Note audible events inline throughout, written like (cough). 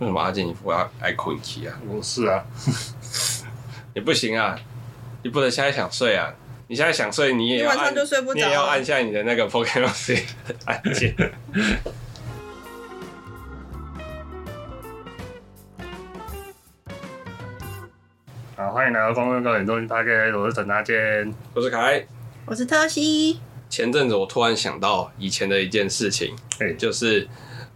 為什麼阿健，你不要愛哭一期啊？我是啊， (laughs) 你不行啊，你不能現在想睡啊！你現在想睡，你也要按你，你也要按下你的那個 Pokemon C (laughs) 安靜。按鍵，好，歡迎來到光棍告解中心，大家好，我是陳大健，我是凱，我是特西。前陣子我突然想到以前的一件事情，哎、欸，就是。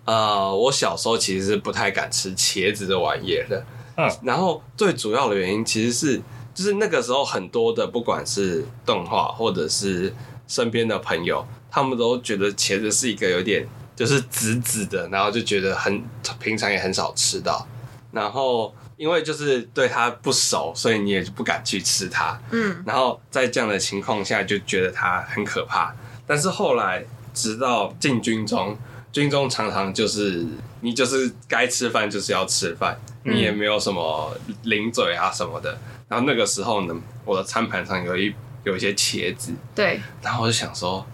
呃，我小時候其實是不太敢吃茄子這玩意的。嗯，然後最主要的原因其實是，就是那個時候很多的不管是動畫或者是身邊的朋友，他們都覺得茄子是一個有點就是紫紫的，然後就覺得很平常也很少吃到。然後因為就是對它不熟，所以你也不敢去吃它。嗯，然後在這樣的情況下就覺得它很可怕。但是後來直到進軍中。軍中常常就是你就是該吃飯就是要吃飯，你也沒有什麼零嘴啊、什麼的。嗯。然後那個時候呢，我的餐盤上有一有一些茄子，對，然後我就想說，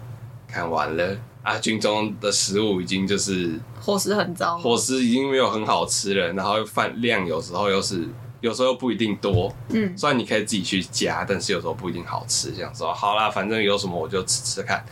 看完了啊，軍中的食物已經就是伙食很糟，伙食已經沒有很好吃了，然後飯量有時候又是。有時候不一定多，嗯，雖然你可以自己去加，但是有時候不一定好吃，這樣說。好啦，反正有什麼我就吃吃看。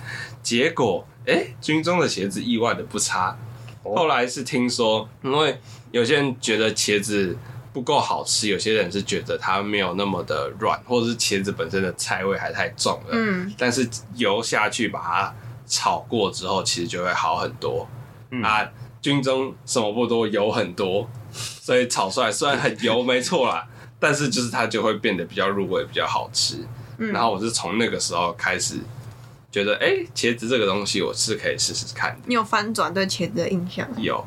結果，哎、欸，軍中的茄子意外的不差。後來是聽說，因為有些人覺得茄子不夠好吃，有些人是覺得它沒有那麼的軟，或者是茄子本身的菜味還太重了。嗯，但是油下去把它炒過之後，其實就會好很多。嗯、啊，軍中什麼不多，油很多。所以炒出來雖然很油， (laughs) 沒錯啦。但是就是它就會變得比較入味，比較好吃。嗯、然後我是從那個時候開始覺得，哎、欸，茄子這個東西我是可以試試看的。你有翻轉對茄子的印象？有，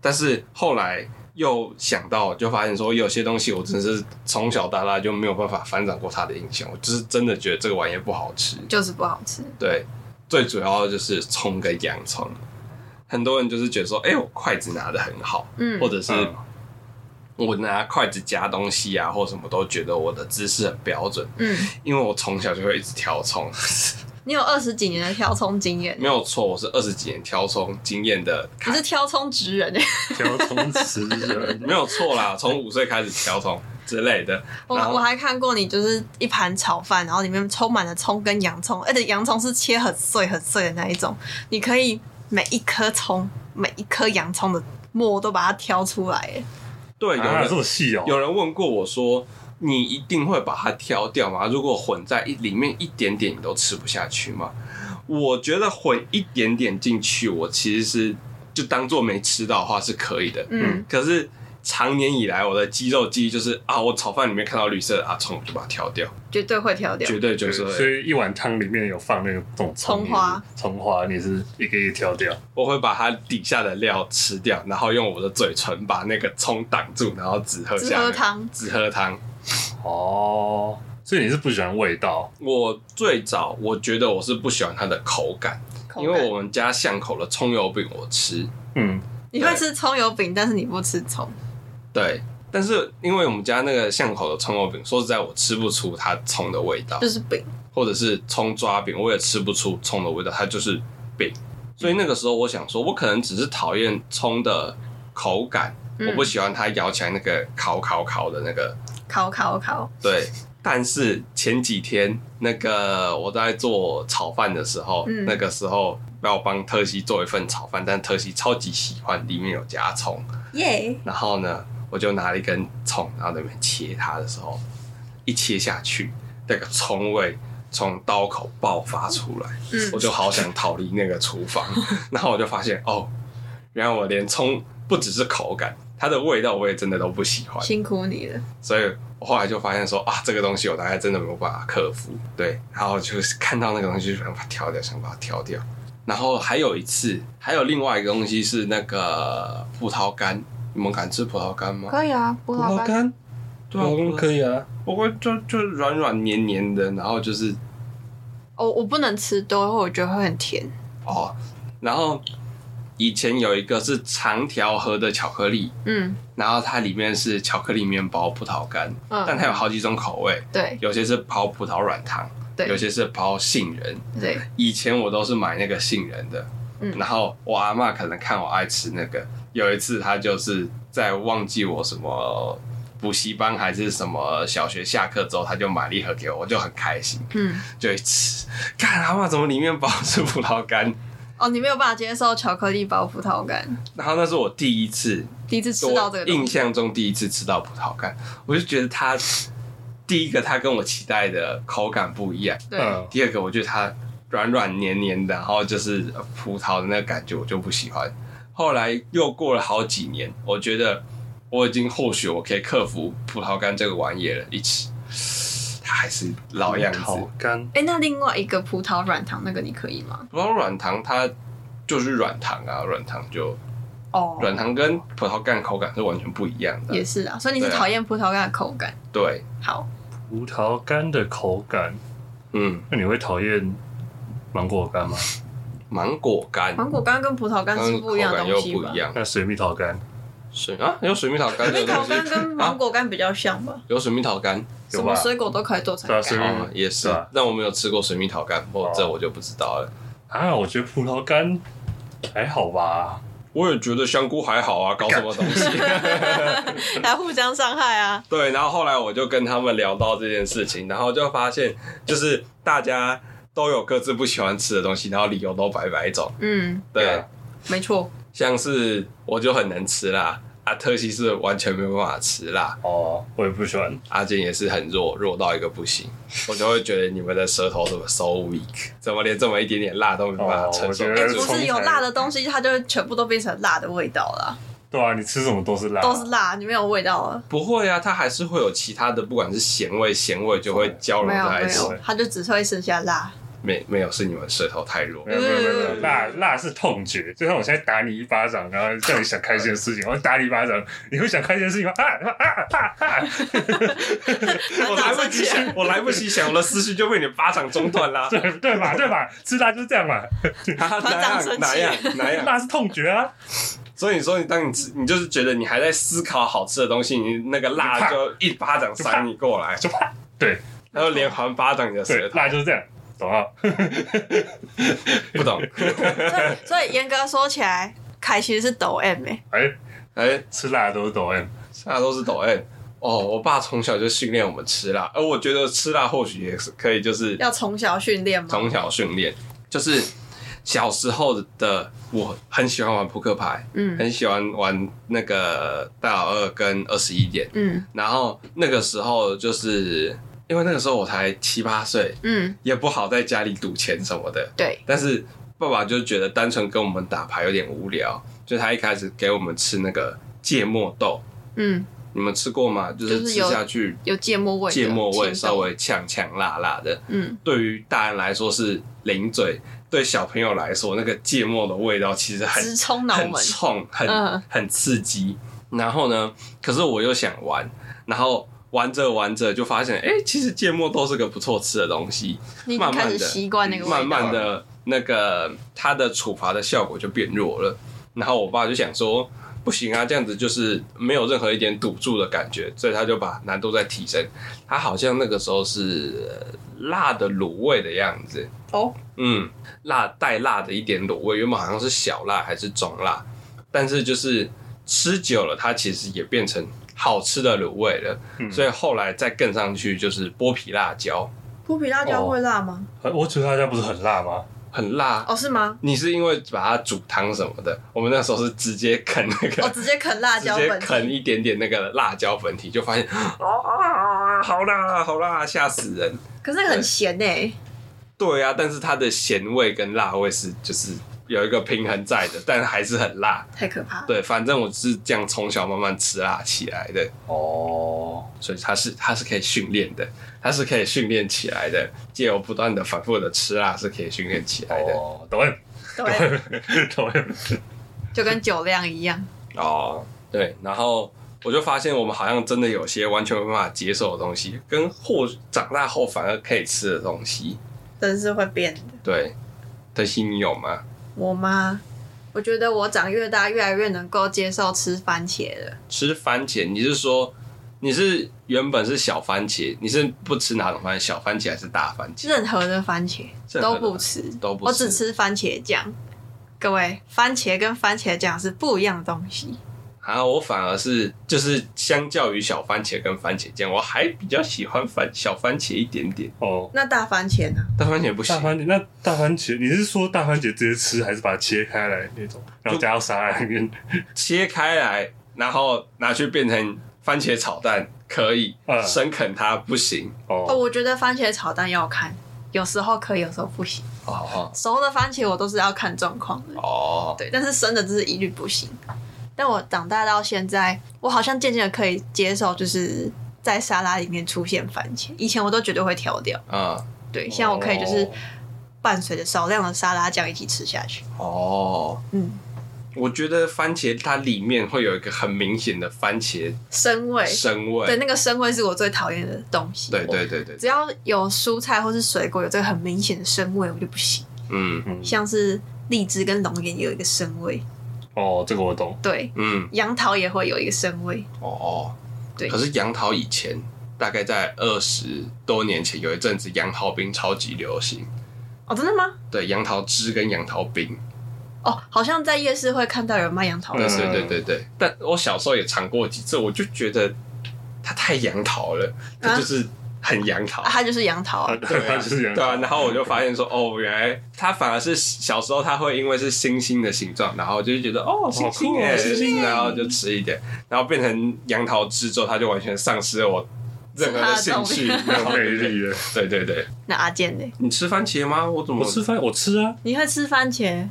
但是後來又想到，就發現說有些東西我真是從小到大就沒有辦法翻轉過它的印象。嗯。我就是真的覺得這個玩意不好吃，就是不好吃。對，最主要就是蔥跟洋蔥，很多人就是覺得說，哎、欸，我筷子拿得很好，嗯，或者是。我拿筷子夾東西啊，或什麼都覺得我的姿勢很標準。嗯，因為我從小就會一直挑蔥。你有二十幾年的挑蔥經驗？沒有錯，我是二十幾年挑蔥經驗的。你是挑蔥職人，人？挑蔥職人沒有錯啦，從五歲開始挑蔥之類的。我我還看過你，就是一盤炒飯，然後裡面充滿了蔥跟洋蔥，而、欸、且洋蔥是切很碎很碎的那一種。你可以每一顆蔥、每一顆洋蔥的末都把它挑出來。對，有人還還這麼細哦、喔。有人問過我說：“你一定會把它挑掉嗎？如果混在一裡面一點點，你都吃不下去嗎？”我覺得混一點點進去，我其實是就當做沒吃到的話是可以的。嗯，可是。長年以來，我的肌肉記憶就是啊，我炒飯裡面看到綠色的啊蔥，就把它挑掉，絕對會挑掉，絕對絕對，對，對，所以一碗湯裡面有放那個蔥花，蔥花，你是一個一個挑掉？我會把它底下的料吃掉，然後用我的嘴唇把那個蔥擋住，然後只喝只喝湯，只喝湯。哦，oh, 所以你是不喜歡味道？我最早我覺得我是不喜歡它的口感，口感因為我們家巷口的蔥油餅，我吃，嗯，你會吃蔥油餅，但是你不吃蔥。對，但是因為我們家那個巷口的蔥肉餅，說實在，我吃不出它蔥的味道，就是餅，或者是蔥抓餅，我也吃不出蔥的味道，它就是餅。所以那個時候，我想說，我可能只是討厭蔥的口感、嗯，我不喜歡它咬起來那個烤烤烤的那個烤烤烤。對，但是前幾天那個我在做炒飯的時候，嗯、那個時候要幫特西做一份炒飯，但特西超級喜歡裡面有夾蔥，耶，然後呢？我就拿了一根蔥，然後在那邊切它的時候，一切下去，那個蔥味從刀口爆發出來，嗯，我就好想逃離那個廚房。 (laughs) 然後我就發現，哦，原來我連蔥不只是口感，它的味道我也真的都不喜歡。辛苦你了。所以，我後來就發現說，啊，這個東西我大概真的沒有辦法克服。對，然後就是看到那個東西就想把它挑掉，想把它挑掉。然後還有一次，還有另外一個東西是那個葡萄乾。你們敢吃葡萄乾嗎？可以啊，葡萄乾，葡萄乾可以啊。不過就就軟軟黏黏的，然後就是，我、哦、我不能吃多，我覺得會很甜。哦，然後以前有一個是長條盒的巧克力，嗯，然後它裡面是巧克力麵包、葡萄乾，嗯，但它有好幾種口味，對，有些是包葡萄軟糖，對，有些是包杏仁，對。以前我都是買那個杏仁的，嗯，然後我阿媽可能看我愛吃那個。有一次，他就是在忘記我什麼補習班還是什麼小學下課之後，他就買了一盒給我，我就很開心。嗯，就一吃，幹嗎？怎麼裡面包是葡萄乾？哦，你沒有辦法接受巧克力包葡萄乾。然後那是我第一次，第一次吃到這個，印象中第一次吃到葡萄乾，我就覺得它第一個，它跟我期待的口感不一樣。對。嗯，第二個，我覺得它軟軟黏黏的，然後就是葡萄的那個感覺，我就不喜歡。後來又過了好幾年，我覺得我已經或許我可以克服葡萄乾這個玩意了。一起，它還是老樣子。葡萄乾。哎、欸，那另外一個葡萄軟糖，那個你可以嗎？葡萄軟糖它就是軟糖啊，軟糖就哦，oh，軟糖跟葡萄乾口感是完全不一樣的。也是啊，所以你是討厭葡萄乾的口感。對啊。對。好，葡萄乾的口感，嗯，那你會討厭芒果乾嗎？芒果乾，芒果乾跟葡萄乾是不一樣的東西吧？剛剛口感又不一樣，那水蜜桃乾，水啊，有水蜜桃乾。跟芒果乾比較像吧？有水蜜桃乾、 (laughs) 啊，什麼水果都可以做成乾是，啊嗯，也是，是啊，但我沒有吃過水蜜桃乾、啊，或這我就不知道了。啊，我覺得葡萄乾還好吧。我也覺得香菇還好啊，搞什麼東西？ (laughs) (laughs) 還互相傷害啊？對，然後後來我就跟他們聊到這件事情，然後就發現就是大家。都有各自不喜歡吃的東西，然後理由都百百種。嗯，對、啊，沒錯。像是我就很能吃辣，阿特西是完全沒有辦法吃辣。哦，我也不喜歡。阿健也是很弱，弱到一個不行。我就會覺得你們的舌頭怎麼 so weak？ (laughs) 怎麼連這麼一點點辣都沒辦法承受、哦？不是有辣的東西，它就全部都變成辣的味道了。對啊，你吃什麼都是辣、啊，都是辣，你沒有味道了。不會啊，它還是會有其他的，不管是鹹味、鹹味就會交融在一起，它就只會剩下辣。沒沒有，是你們舌頭太弱，沒有沒有，沒有辣，辣是痛覺，就像我現在打你一巴掌，然後叫你想開心的事情，我打你一巴掌，你會想開心的事情嗎？啊啊啊啊 (laughs) (laughs) 啊、我來不及想，我來不及想，我的思緒就被你的巴掌中斷了， (laughs) 對對吧？對吧？吃辣就是這樣嘛， (laughs) 啊、哪樣哪樣哪樣辣是痛覺啊！ (laughs) 所以你說你當你吃你就是覺得你還在思考好吃的東西，你那個辣就一巴掌扇你過來，就啪，對，然後連環巴掌你的舌頭，辣就是這樣。懂 (laughs) 不懂。 (laughs) 所以，所以嚴格說起來，凱其實是抖 M 誒、欸。哎、欸、哎、欸，吃辣的都是抖 M，吃辣都是抖 M。哦，我爸從小就訓練我們吃辣，而我覺得吃辣或許也是可以，就是要從小訓練嗎？從小訓練，就是小時候的我很喜歡玩撲克牌，嗯，很喜歡玩那個大老二跟二十一點，嗯，然後那個時候就是。因為那個時候我才七八歲，嗯，也不好在家裡賭錢什麼的，對。但是爸爸就覺得單純跟我們打牌有點無聊，就他一開始給我們吃那個芥末豆，嗯，你們吃過嗎？就是吃下去有芥末味，芥末味稍微嗆嗆辣辣辣的，嗯。對於大人來說是零嘴，對小朋友來說，那個芥末的味道其實很直衝腦門，很衝，很很刺激，嗯。然後呢，可是我又想玩，然後。玩着玩着就發現，哎、欸，其實芥末都是個不錯吃的東西。你開始習慣那個味道，慢慢的，那個它的處罰的效果就變弱了。然後我爸就想說，不行啊，這樣子就是沒有任何一點賭注的感覺。所以他就把難度再提升。他好像那個時候是辣的滷味的樣子哦，oh. 嗯，辣帶辣的一點滷味，原本好像是小辣還是中辣，但是就是吃久了，它其實也變成。好吃的滷味了，嗯，所以後來再更上去就是剝皮辣椒。剝皮辣椒會辣嗎？哦，我煮辣椒不是很辣嗎？很辣哦？是嗎？你是因為把它煮湯什麼的？我們那時候是直接啃那個，哦，直接啃辣椒粉體、粉。啃一點點那個辣椒粉體，就發現哦啊啊，好辣！啊，好辣！啊，嚇啊，死人！可是那個很鹹誒、欸嗯。對呀，啊，但是它的鹹味跟辣味是就是。有一個平衡在的，但還是很辣，太可怕。對，反正我是這樣從小慢慢吃辣起來的。哦，所以它是它是可以訓練的，它是可以訓練起來的，借由不斷的反復的吃辣是可以訓練起來的。哦，懂懂懂， (laughs) 就跟酒量一樣。哦，對。然後我就發現，我們好像真的有些完全沒辦法接受的東西，跟或長大後反而可以吃的東西，真是會變的。對，特性你有嗎？我嗎？我覺得我長越大，越來越能夠接受吃番茄了。吃番茄，你是說你是原本是小番茄，你是不吃哪種番茄？小番茄還是大番茄？任何的番茄都不吃，任何的都不吃，都不吃，我只吃番茄醬。各位，番茄跟番茄醬是不一樣的東西。啊，我反而是就是相較於小番茄跟番茄醬，我還比較喜歡番小番茄一點點哦。Oh. 那大番茄呢？大番茄不行，大番茄那大番茄，你是說大番茄直接吃還是把它切開來那種，然後加到沙拉裡面？切開來，然後拿去變成番茄炒蛋可以，生、uh. 啃它不行哦。Oh. Oh. 我覺得番茄炒蛋要看，有時候可以，有時候不行哦。Oh. 熟的番茄我都是要看狀況的哦，oh. 對，但是生的就是一律不行。但我長大到現在，我好像漸漸的可以接受，就是在沙拉裡面出現番茄。以前我都絕對會挑掉，啊、嗯，對。現在我可以就是伴隨着少量的沙拉醬一起吃下去。哦，嗯。我覺得番茄它裡面會有一個很明顯的番茄生味，生味，對，那個生味是我最討厭的東西。對對對對，對，只要有蔬菜或是水果有這個很明顯的生味，我就不行。嗯嗯，像是荔枝跟龍眼有一個生味。哦，這個我懂。對，嗯，楊桃也會有一個生位。哦，哦對。可是楊桃以前大概在二十多年前有一陣子楊桃冰超級流行。哦，真的嗎？對，楊桃汁跟楊桃冰。哦，好像在夜市會看到有人賣楊桃的時候、嗯，對對對。但我小時候也嘗過幾次，我就覺得它太楊桃了，它就是。啊很楊桃、啊，他就是楊桃、啊就是桃，對啊，然後我就發現說，哦，原來他反而是小時候他會因為是星星的形狀，然後我就覺得哦，星星，欸，星，就是，然，然後就吃一點，然後變成楊桃汁之、之後，他就完全喪失了我任何的興趣，沒有魅力了。對對對， (laughs) 那阿健呢？你吃番茄嗎？我怎麼，我吃番茄，我吃啊？你會吃番茄？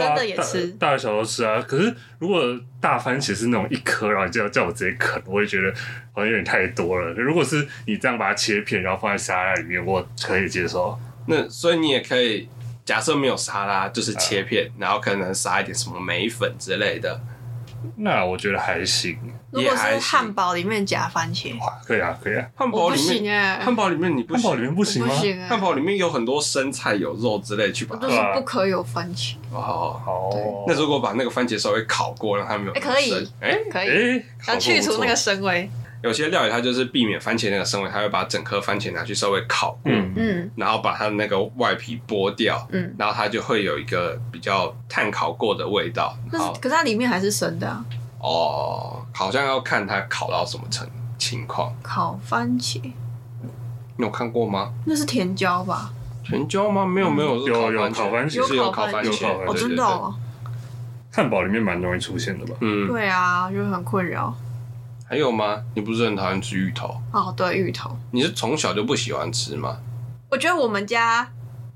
啊、真的也吃，大和小都吃啊。可是如果大番茄是那種一顆，然後就要叫我直接啃，我會覺得好像有點太多了。如果是你這樣把它切片，然後放在沙拉裡面，我可以接受。那所以你也可以假設沒有沙拉，就是切片，啊、然後可能撒一點什麼梅粉之類的。那我覺得還行，如果是漢堡裡面夾番茄 yeah，哇，可以啊，可以啊，漢堡裡面，漢、欸、堡裡面你不行，漢堡裡面不行嗎？漢堡裡面有很多生菜、有肉之類，去把它，我都是不可有番茄。啊、哦，好哦，那如果把那個番茄稍微烤過，讓它沒有生、欸、可以，哎、欸，可以，烤過，去除那個生味。有些料理它就是避免番茄那個生味，它會把整顆番茄拿去稍微烤，嗯嗯，然後把它的那個外皮剝掉，嗯，然後它就會有一個比較碳烤過的味道。那是可是，可它裡面還是生的啊？哦，好像要看它烤到什麼程情況。烤番茄，你有看過嗎？那是甜椒吧？甜椒嗎？沒有沒有，嗯、是烤番茄有、啊、有，烤番茄是有烤番茄，有烤番茄，我真的，哦、漢堡裡面蠻容易出現的吧？嗯，對啊，就是很困擾。還有嗎？你不是很討厭吃芋頭？哦，對，芋頭。你是從小就不喜歡吃嗎？我覺得我們家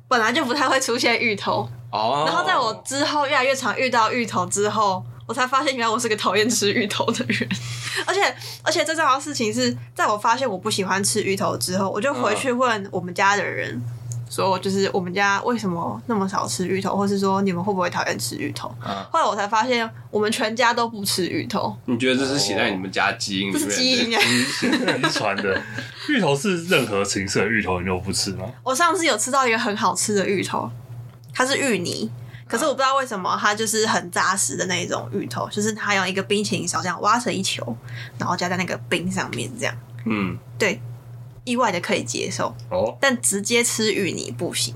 本來就不太會出現芋頭。哦。然後在我之後越來越常遇到芋頭之後，我才發現原來我是個討厭吃芋頭的人。 (laughs) 而且，而且最重要的事情是，在我發現我不喜歡吃芋頭之後，我就回去問我們家的人。哦所以我就是，我們家為什麼那麼少吃芋頭，或是說你們會不會討厭吃芋頭、啊？後來我才發現，我們全家都不吃芋頭。你覺得這是寫在你們家基因是不是？哦、這是基因、啊，遺 (laughs) 傳的。芋頭是任何形式的芋頭你都不吃嗎？我上次有吃到一個很好吃的芋頭，它是芋泥，可是我不知道為什麼它就是很扎實的那種芋頭，就是它用一個冰淇淋勺這樣挖成一球，然後加在那個冰上面這樣。嗯，對。意外的可以接受，但直接吃芋泥不行，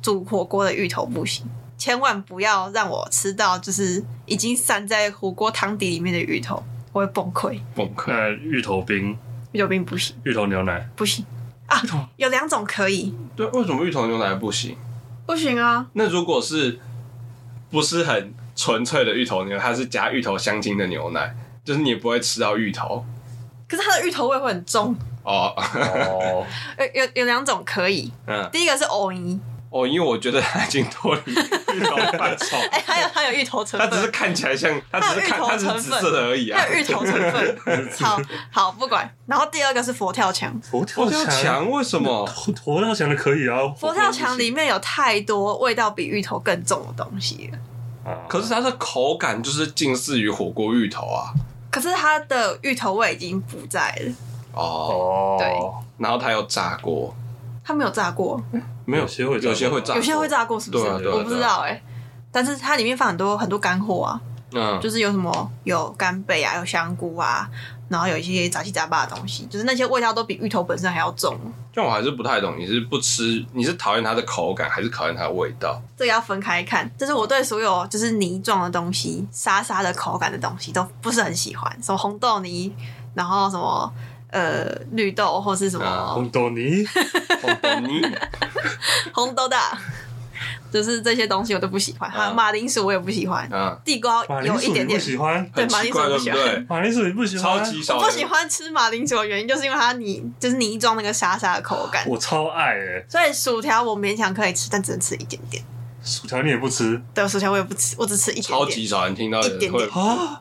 煮火鍋的芋頭不行，千萬不要讓我吃到就是已經散在火鍋湯底裡面的芋頭，我會崩潰。崩潰！嗯，芋頭冰、芋頭冰不行，不芋頭牛奶不行啊？有兩種可以？對，為什麼芋頭牛奶不行？不行啊？那如果是不是很純粹的芋頭牛，它是加芋頭香精的牛奶，就是你也不會吃到芋頭，可是它的芋頭味會很重。哦、oh. (laughs) 有有有兩種可以，嗯，第一個是藕泥，哦、oh，因為我覺得已經脫離芋頭範臭。哎，還、 (laughs) 欸、有還有芋頭成分，它只是看起來像，它只是芋頭成分的而已啊，有芋頭成分，啊、成分 (laughs) 好好不管。然後第二個是佛跳牆，佛跳牆、哦、為什麼？佛，佛跳牆的可以啊，佛跳牆裡面有太多味道比芋頭更重的東西了，可是它的口感就是近似於火鍋芋頭啊，可是它的芋頭味已經不在了。哦、oh,，對，然後它有炸過，它沒有炸過， (laughs) 沒有些會有些會炸，有些會炸過，炸過炸過是不是對、啊對啊？我不知道哎、欸啊啊，但是它裡面放很多很多乾貨啊，嗯，就是有什麼有干貝啊，有香菇啊，然後有一些雜七雜八的東西，就是那些味道都比芋頭本身還要重。但我還是不太懂，你是不吃，你是討厭它的口感，還是討厭它的味道？這個要分開一看。這、就是我對所有就是泥狀的東西、沙沙的口感的東西都不是很喜歡，什麼紅豆泥，然後什麼。呃，綠豆或是什麼？紅豆泥，紅豆泥， (laughs) 紅豆的、啊，就是這些東西我都不喜歡。啊啊、馬鈴薯我也不喜歡，啊、地瓜有一點點不喜歡，對馬鈴薯不喜歡，對，馬鈴薯也不喜歡超級。我不喜歡吃馬鈴薯的原因就是因為它泥，就是泥狀那個沙沙的口感。我超愛哎、欸！所以薯條我勉強可以吃，但只能吃一點點。薯條你也不吃？對，薯條我也不吃，我只吃一點點，超級少。你聽到的點啊？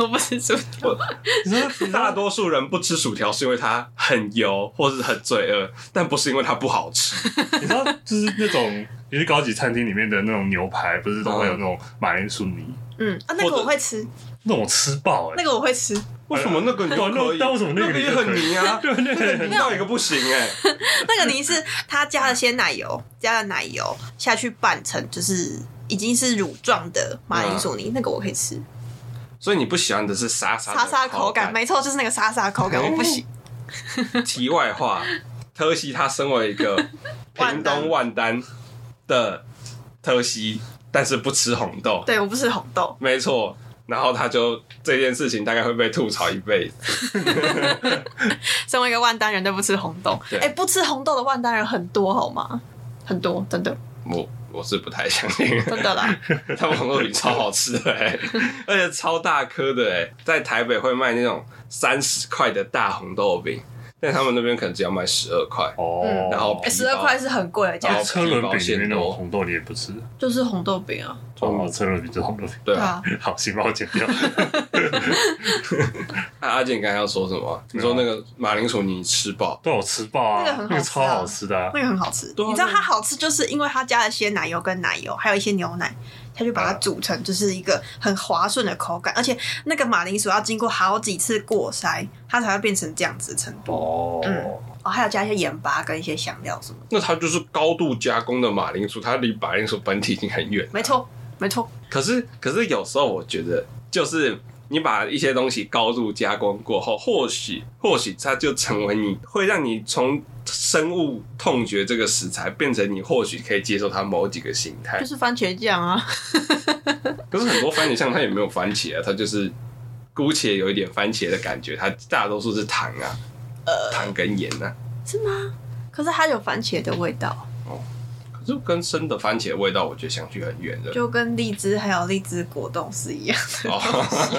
我不吃薯條。你說大多數人不吃薯條是因為它很油或是很罪惡，但不是因為它不好吃。 (laughs) 你知道，就是那種，也是高級餐廳裡面的那種牛排，不是都會有那種馬鈴薯泥？嗯，啊，那個我會吃，我那我吃爆了、欸。那個我會吃。為什麼那個就可以？那為什麼那個？那也很泥啊！ (laughs) 對，對,對，那個很泥。到一個不行哎、欸。 (laughs) 那個泥是他加了鮮奶油，加了奶油下去拌成，就是已經是乳狀的馬鈴薯泥、啊。那個我可以吃。所以你不喜歡的是沙沙的沙沙的口感？沒錯，就是那個沙沙的口感、嗯，我不行。題外話， (laughs) 特西他身為一個屏東萬丹的特西，但是不吃紅豆。對，我不吃紅豆，沒錯。然後他就這件事情大概會被吐槽一輩子 (laughs) 身為一個萬丹人，都不吃紅豆，哎、欸，不吃紅豆的萬丹人很多，好嗎？很多，真的。我我是不太相信。真的啦，他們紅豆餅超好吃的、欸，哎， (laughs) 而且超大顆的、欸，哎，在台北會賣那種三十塊的大紅豆餅。在他們那邊可能只要賣十二塊，然後十二塊是很貴的。車輪餅裡面紅豆你也不吃，就是紅豆餅啊，做車輪餅紅豆餅。對啊，好、啊，幫我剪掉。那阿健剛剛要說什麼、啊？你說那個馬鈴薯你吃飽？對我吃飽啊，那個很好吃、啊、那個超好吃的、啊，那個很好吃、啊。你知道它好吃，就是因為它加了一些奶油跟奶油，還有一些牛奶。他就把它煮成就是一個很滑順的口感、嗯，而且那個馬鈴薯要經過好幾次過篩，它才會變成這樣子的程度。哦，嗯、哦，還要加一些鹽巴跟一些香料什麼。那它就是高度加工的馬鈴薯，它離馬鈴薯本體已經很遠。沒錯，沒錯。可是，可是有時候我覺得就是。你把一些東西高度加工過後，或許或許它就成為你會讓你從深惡痛絕這個食材，變成你或許可以接受它某幾個形態。就是番茄醬啊， (laughs) 可是很多番茄醬它也沒有番茄啊，它就是姑且有一點番茄的感覺，它大多數是糖啊，呃，糖跟鹽啊，是嗎？可是它有番茄的味道。就跟生的番茄的味道，我覺得相距很遠的。就跟荔枝還有荔枝果凍是一樣的。哦、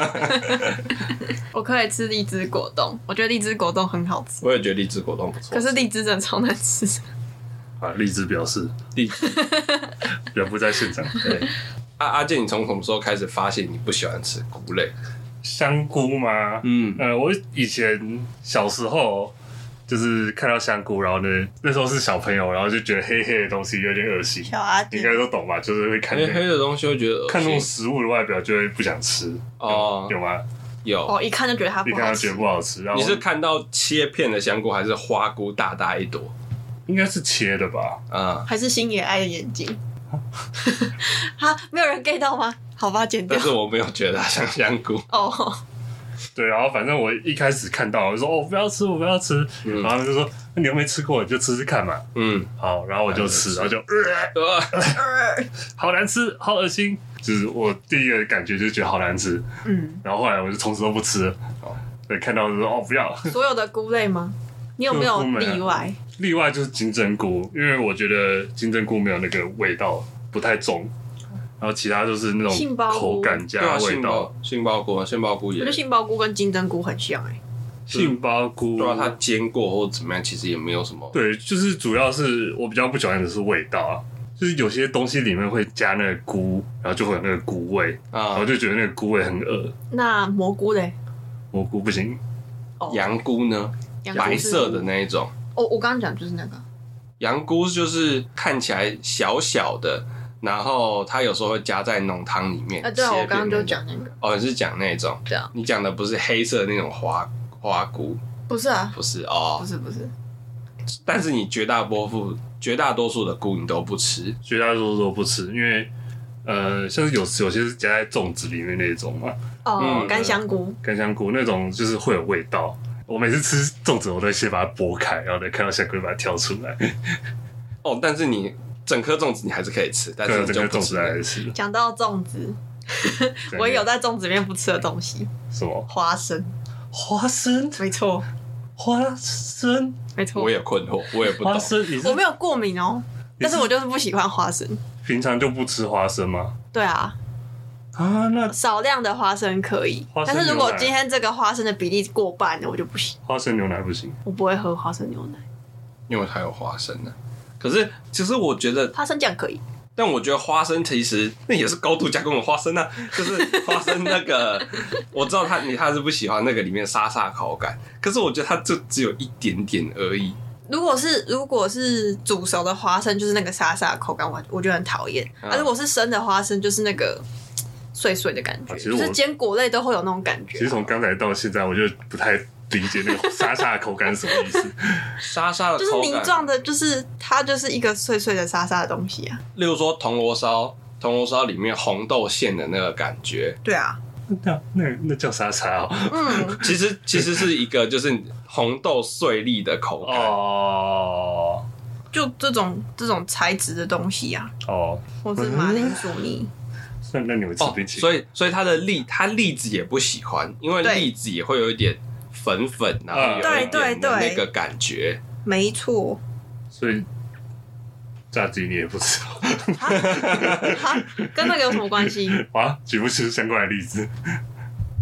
(laughs) (laughs) 我可以吃荔枝果凍，我覺得荔枝果凍很好吃。我也覺得荔枝果凍不錯。可是荔枝真的超難吃。啊，荔枝表示，荔枝人不在現場。 (laughs) 對啊、阿阿健，你從什麼時候開始發現你不喜歡吃菇類？香菇嗎？嗯，呃，我以前小時候。就是看到香菇，然後呢，那時候是小朋友，然後就覺得黑黑的東西有點噁心。小阿弟應該都懂吧？就是會看黑的東西會覺得噁心，看中食物的外表就會不想吃。哦，有嗎？有哦，一看就覺得它，一看就覺得不好吃，然後。你是看到切片的香菇，還是花菇大大一朵？應該是切的吧？嗯，還是星野愛的眼睛？哈， (laughs) 哈沒有人 get 到嗎？好吧，剪掉。但是我沒有覺得它像香菇。哦。對，然後反正我一開始看到，我就說哦，不要吃，我不要吃。嗯、然後他就說：“你又沒吃過，你就吃吃看嘛。嗯”嗯，好，然後我就吃，就吃然後就、呃呃呃，好難吃，好噁心，就是我第一個感覺就是覺得好難吃。嗯，然後後來我就從此都不吃了。哦、嗯，對，看到我就說哦，不要。所有的菇類嗎？你有沒有例外、嗯嗯？例外就是金針菇，因為我覺得金針菇沒有那個味道，不太重。然後其他就是那種口感加味道，杏鮑菇，杏鮑菇也。我覺得杏鮑菇跟金針菇很像哎。杏鮑菇，對啊，它、欸啊、煎過或怎麼樣？其實也沒有什麼。對，就是主要是我比較不喜歡的是味道啊，就是有些東西裡面會加那個菇，然後就會有那個菇味啊，然後我就覺得那個菇味很惡。那蘑菇嘞？蘑菇不行。洋菇呢？洋菇是菇？白色的那一種。哦，我剛剛講就是那個。洋菇就是看起來小小的。然後它有時候會加在濃湯裡面。啊對，對我剛剛就講那個哦，是講那種這樣。你講的不是黑色的那種花滑菇？不是啊。不是哦。不是不是。但是你絕大波絕大多數的菇你都不吃，絕大多數都不吃，因為呃，像是有有些是夾在粽子裡面那種嘛。哦、嗯，乾、嗯、香菇。乾、嗯呃、香菇那種就是會有味道。我每次吃粽子，我都先把它剝開，然後再看到香菇，把它挑出來。 (laughs) 哦，但是你。整顆粽子你還是可以吃，但是就不吃整顆粽子還是吃。講 (laughs) 到粽子， (laughs) 我也有在粽子裡面不吃的東西。什麼？花生。花生？沒錯。花生？沒錯。我也困惑，我也不知道。我沒有過敏哦、喔，但是我就是不喜歡花生。平常就不吃花生嗎？對啊。啊？那少量的花生可以，但是如果今天這個花生的比例過半了，我就不行。花生牛奶不行，我不會喝花生牛奶，因為它有花生呢。可是，其實我覺得花生醬可以，但我覺得花生其實那也是高度加工的花生啊，就是花生那個， (laughs) 我知道他你他是不喜歡那個裡面沙沙的口感，可是我覺得它就只有一點點而已。如果是如果是煮熟的花生，就是那個沙沙的口感，我我覺得很討厭；啊如果是生的花生，就是那個碎碎的感覺，啊、就是堅果類都會有那種感覺。其實從剛才到現在，我就不太。理解那個沙沙的口感是什麼意思？沙 (laughs) 沙的口感就是泥狀的，就是它就是一個碎碎的沙沙的東西啊。例如說銅鑼燒，銅鑼燒裡面紅豆餡的那個感覺。對啊，那那，那叫沙沙哦。 (laughs) 嗯，其實其實是一個就是紅豆碎粒的口感哦。就這種這種材質的東西啊，哦，我是馬鈴薯泥，那那你們起不起、哦、所以所以它的栗它栗子也不喜歡，因為栗子也會有一點。粉粉啊、嗯，對對對，那個感覺沒錯。所以炸雞你也不吃？啊啊，跟那個有什麼關係啊？舉不出相關的例子。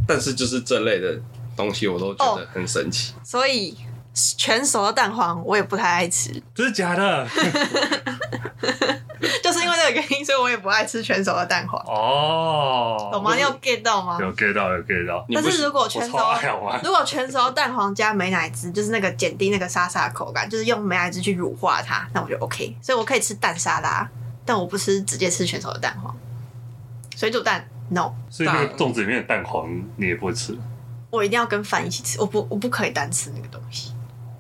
但是就是這類的東西，我都覺得很神奇。Oh, 所以。全熟的蛋黃，我也不太愛吃。這是假的， (laughs) 就是因為這個原因，所以我也不愛吃全熟的蛋黃。哦、oh，懂嗎？你有 get 到嗎？有 get 到，有 get 到。但是如果全熟，愛愛如果全熟的蛋黃加美乃滋，就是那個減低那個沙沙的口感，就是用美乃滋去乳化它，那我就 OK。所以我可以吃蛋沙拉，但我不吃直接吃全熟的蛋黃。水煮蛋 no。所以那個粽子裡面的蛋黃，你也不會吃？我一定要跟飯一起吃，我不我不可以單吃那個東西。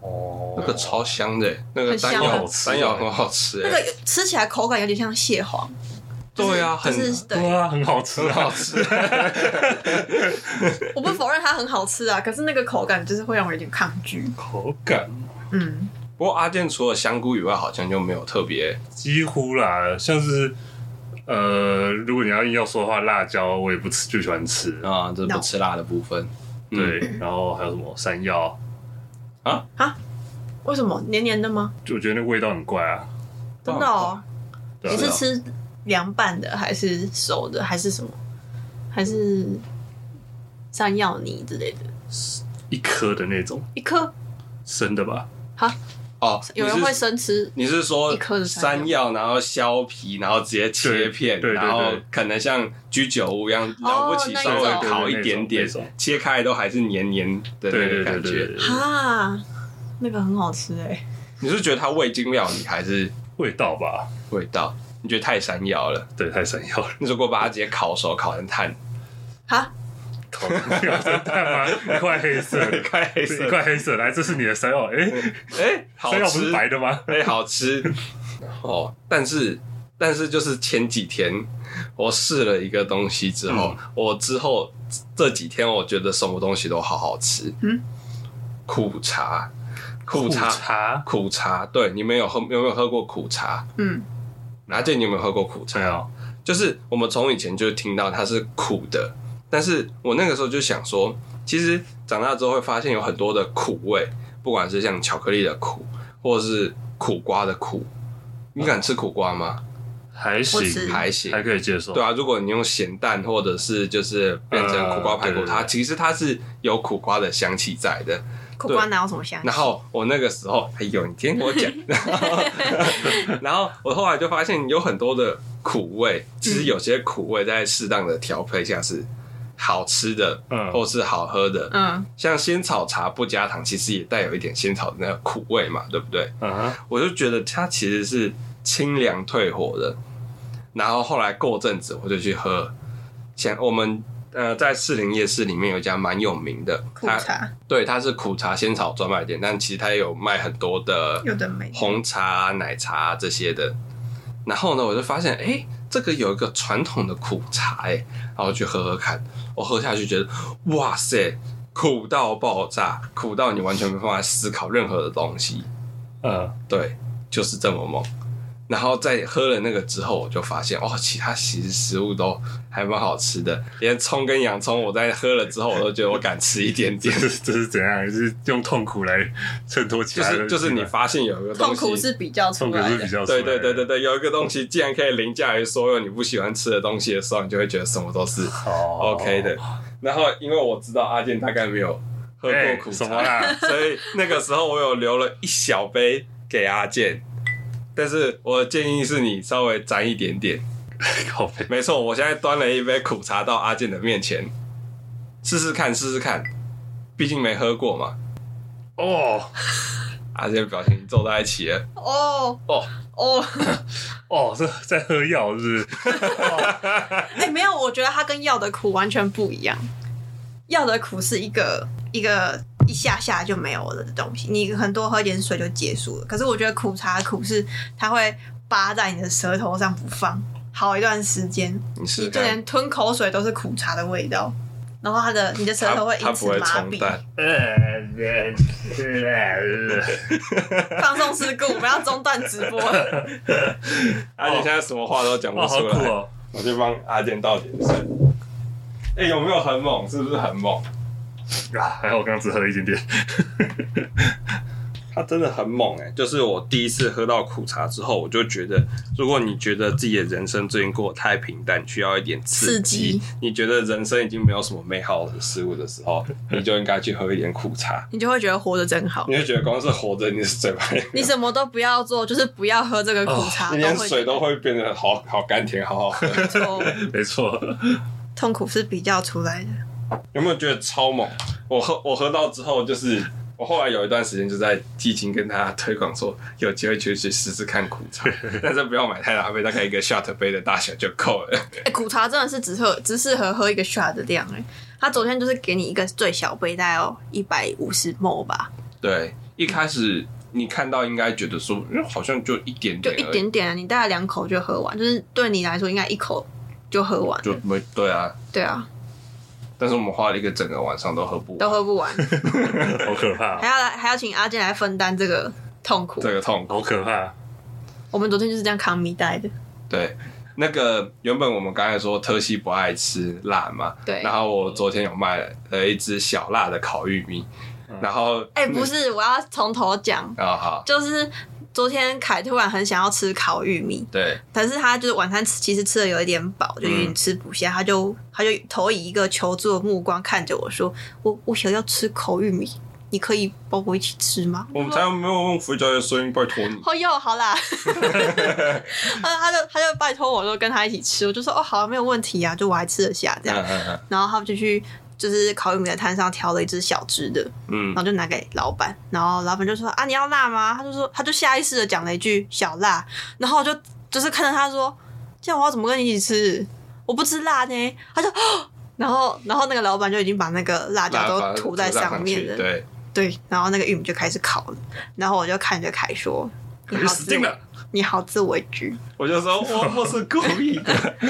哦，那個超香的、欸，那個很香。山很好吃、欸、那個吃起來口感有點像蟹黃，就是就是、對啊，很對啊，很好吃，好吃。我不否認它很好吃啊，可是那個口感就是會讓我有點抗拒。口感？嗯，不過阿健除了香菇以外，好像就沒有特別、欸，幾乎啦，像是呃，如果你要硬要說的話，辣椒我也不吃，就喜歡吃啊，這、哦就是、不吃辣的部分、嗯。對，然後還有什麼山藥。啊啊！為什麼黏黏的嗎？就我覺得那味道很怪啊！真的哦，你、啊啊啊、是吃涼拌的，還是熟的，還是什麼，還是山藥泥之類的？一顆的那種，一顆生的吧？好。哦、有人會生吃？你是說山藥，然後削皮，然後直接切片，對對對對，然後可能像居酒屋一樣了、oh, 不起，稍微烤，烤一點點，切開都還是黏黏的那個感覺。對對對對對對，哈，那個很好吃哎！你是覺得它味精料理還是味道吧？味道，你覺得太山藥了？對，太山藥了。你如果把它直接烤熟，烤成炭，好。哈有 (laughs) 深大嗎？一塊黑色， (laughs) 一塊黑色， (laughs) 一塊黑色。來，這是你的山藥。哎、欸、哎，山、欸、藥不是白的嗎？哎、欸，好吃。哦，但是但是就是前幾天我試了一個東西之後，嗯、我之後這幾天我覺得什麼東西都好好吃。嗯，苦茶，苦茶，苦茶。苦茶對，你們有喝有沒有喝過苦茶？嗯，阿、啊、健，你有沒有喝過苦茶？沒、嗯、有。就是我們從以前就聽到它是苦的。但是我那個時候就想說，其實長大之後會發現有很多的苦味，不管是像巧克力的苦，或是苦瓜的苦。你敢吃苦瓜嗎？還行，還行，還可以接受。對啊，如果你用鹹蛋，或者是就是變成苦瓜排骨，呃、對對對。它其實它是有苦瓜的香氣在的。苦瓜哪有什麼香氣？然後我那個時候，哎呦，你聽我講。 (laughs) 然後我後來就發現有很多的苦味，其實有些苦味在適當的調配下是。好吃的，嗯，或是好喝的，嗯，像仙草茶不加糖，其實也帶有一點仙草的那個苦味嘛，對不對？嗯，我就覺得它其實是清涼退火的。然後後來過陣子我就去喝，像我們呃在士林夜市裡面有一家蠻有名的苦茶，對，它是苦茶仙草專賣店，但其實它也有賣很多的有的紅茶、啊、奶茶、啊、這些的。然後呢，我就發現哎，這個有一個傳統的苦茶哎、欸，然後去喝喝看。我喝下去覺得，哇塞，苦到爆炸，苦到你完全沒辦法思考任何的東西，嗯，對，就是這麼猛。然後在喝了那個之後，我就發現哦，其他其實食物都還蠻好吃的，連蔥跟洋蔥，我在喝了之後，我都覺得我敢吃一點點。這是這是怎樣？也是用痛苦來襯托起來，就是就是你發現有一個東西，痛苦是比較痛苦是比較對對對對對，有一個東西竟然可以凌駕於所有你不喜歡吃的東西的時候，你就會覺得什麼都是 OK 的。哦、然後因為我知道阿健大概沒有喝過苦茶，欸、所以那個時候我有留了一小杯給阿健。但是我建議是你稍微沾一點點，沒錯，我現在端了一杯苦茶到阿健的面前，試試看，試試看，畢竟沒喝過嘛。哦、oh, (laughs) 阿健表情皺在一起了。哦哦哦哦，這在喝藥是不是？哎、 (laughs) (laughs) 欸，沒有，我覺得它跟藥的苦完全不一樣，藥的苦是一個一個。一下下就沒有了的東西，你很多喝點水就結束了。可是我覺得苦茶苦是它會扒在你的舌頭上不放好一段時間，你就連吞口水都是苦茶的味道。然後它的你的舌頭會因此麻痹。 (laughs) 放縱事故，不要中斷直播。阿 (laughs) 且、啊、現在什麼話都講不出來，哦哦哦、我去幫阿健倒點水。哎、欸，有沒有很猛？是不是很猛？啊，還好我剛剛只喝了一點點。 (laughs) 他真的很猛哎、欸！就是我第一次喝到苦茶之後，我就覺得，如果你覺得自己的人生最近過得太平淡，需要一點刺激，刺激。你覺得人生已經沒有什麼美好的事物的時候，你就應該去喝一點苦茶， (laughs) 你就會覺得活得真好。你會覺得光是活着你是最快樂。你什麼都不要做，就是不要喝這個苦茶，oh, 你連水都會變得好好甘甜，好好喝。沒錯 (laughs) 。痛苦是比較出來的。有沒有覺得超猛？我喝我喝到之後，就是我後來有一段時間就在激情跟大家推廣說，有機會就去試試看苦茶， (laughs) 但是不要買太大杯，大概一個 shot 杯的大小就夠了。哎、欸，苦茶真的是只喝只適合喝一個 shot 的量哎、欸。他昨天就是給你一個最小杯，大概有一百五十 ml 吧。對，一開始你看到應該覺得說、呃，好像就一點點，就一點點啊，你大概兩口就喝完，就是對你來說應該一口就喝完，就沒對啊，對啊。但是我們花了一個整個晚上都喝不完，都喝不完， (laughs) 好可怕、啊！還要來還要請阿健來分擔這個痛苦，這個痛苦，好可怕、啊！我們昨天就是這樣扛米袋的。對，那個原本我們剛才說特西不愛吃辣嘛，對，然後我昨天有買了一隻小辣的烤玉米，嗯、然後哎，欸、不是，嗯、我要從頭講啊，哦、好，就是。昨天凱突然很想要吃烤玉米，對，但是他就是晚餐吃，其實吃的有一點飽、嗯，就有點吃不下，他就他就投以一個求助的目光看着我說：“我我想要吃烤玉米，你可以幫我一起吃嗎？”我們才沒有用肥皂的聲音，拜托你。好、哦，喲好啦，他 (laughs) (laughs) 他就他就拜托我說跟他一起吃，我就說哦，好，沒有問題啊，就我還吃得下這樣， (laughs) 然後他們就去。就是烤玉米在攤上挑了一隻小隻的，嗯，然後就拿給老闆，然後老闆就說：“啊，你要辣嗎？”他就說，他就下意識的講了一句“小辣”，然後就就是看着他說：“這樣我要怎麼跟你一起吃？我不吃辣呢。”他就，然後，然後那個老闆就已經把那個辣椒都塗在上面了，對，對，然後那個玉米就開始烤了，然後我就看着凱說：“你死定了，你好自爲之。”我就說：“我我是故意的。 (laughs) ”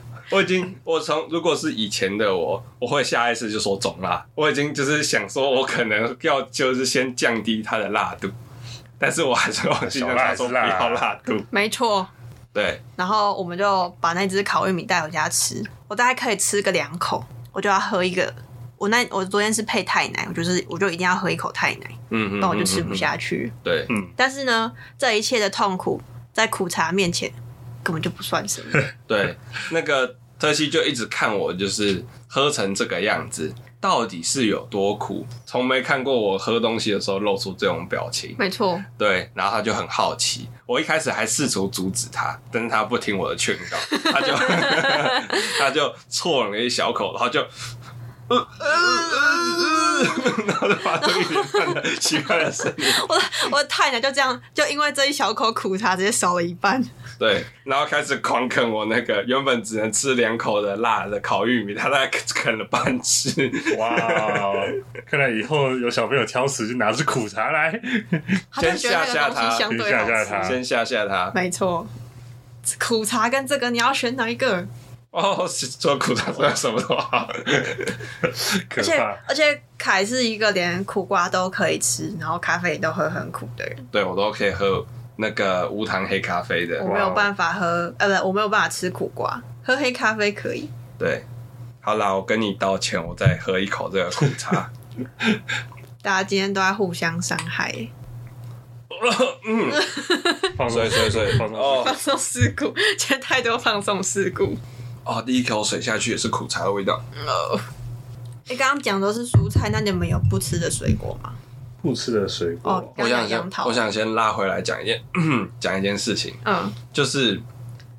(laughs) (laughs) 我已經，我從如果是以前的我，我會下意識就說中辣。我已經就是想說，我可能要就是先降低它的辣度，但是我還是往心中加說不要辣度。沒錯，對。然後我們就把那只烤玉米帶回家吃，我大概可以吃個兩口，我就要喝一個。我那我昨天是配泰奶，我就是我就一定要喝一口泰奶。嗯嗯，嗯，嗯，嗯。那我就吃不下去。對、嗯。但是呢，這一切的痛苦在苦茶面前，根本就不算什麼。 (laughs) 對，那個特西就一直看我，就是喝成這個樣子,到底是有多苦，從沒看過我喝東西的時候露出這種表情。沒錯，對，然後他就很好奇，我一開始還試圖阻止他，但是他不聽我的勸告，他就 (laughs) 他就啜了一小口，然後就。 (laughs) 呃呃呃，呃呃呃呃呃 (laughs) 然後發出奇怪的聲音 (laughs) 我的。我我太奶就這樣，就因為這一小口苦茶，直接少了一半。對，然後開始狂啃我那個原本只能吃兩口的辣的烤玉米，他大概啃了半隻。哇， (laughs) 看來以後有小朋友挑食，就拿出苦茶來，先嚇嚇他， (laughs) 他，先嚇嚇他，先嚇嚇他。沒錯，苦茶跟這個，你要選哪一個？哦，做苦茶不要什麼都好，oh. (laughs) 可怕。而且，而且凱是一個連苦瓜都可以吃，然後咖啡也都喝很苦的人。對，我都可以喝那個無糖黑咖啡的，我沒有辦法喝，wow. 呃，不，我沒有辦法吃苦瓜，喝黑咖啡可以。對，好啦，我跟你道歉，我再喝一口這個苦茶。 (laughs) (laughs) 大家今天都在互相傷害、欸 (laughs) 嗯 (laughs) 水水水。放鬆，放鬆、哦，放鬆，事故，其實太多放鬆事故。哦，第一口水下去也是苦茶的味道。呃、嗯，你剛剛講的都是蔬菜，那你們有不吃的水果嗎？不吃的水果，哦，我想先我想先拉回來講一件講一件事情，嗯，就是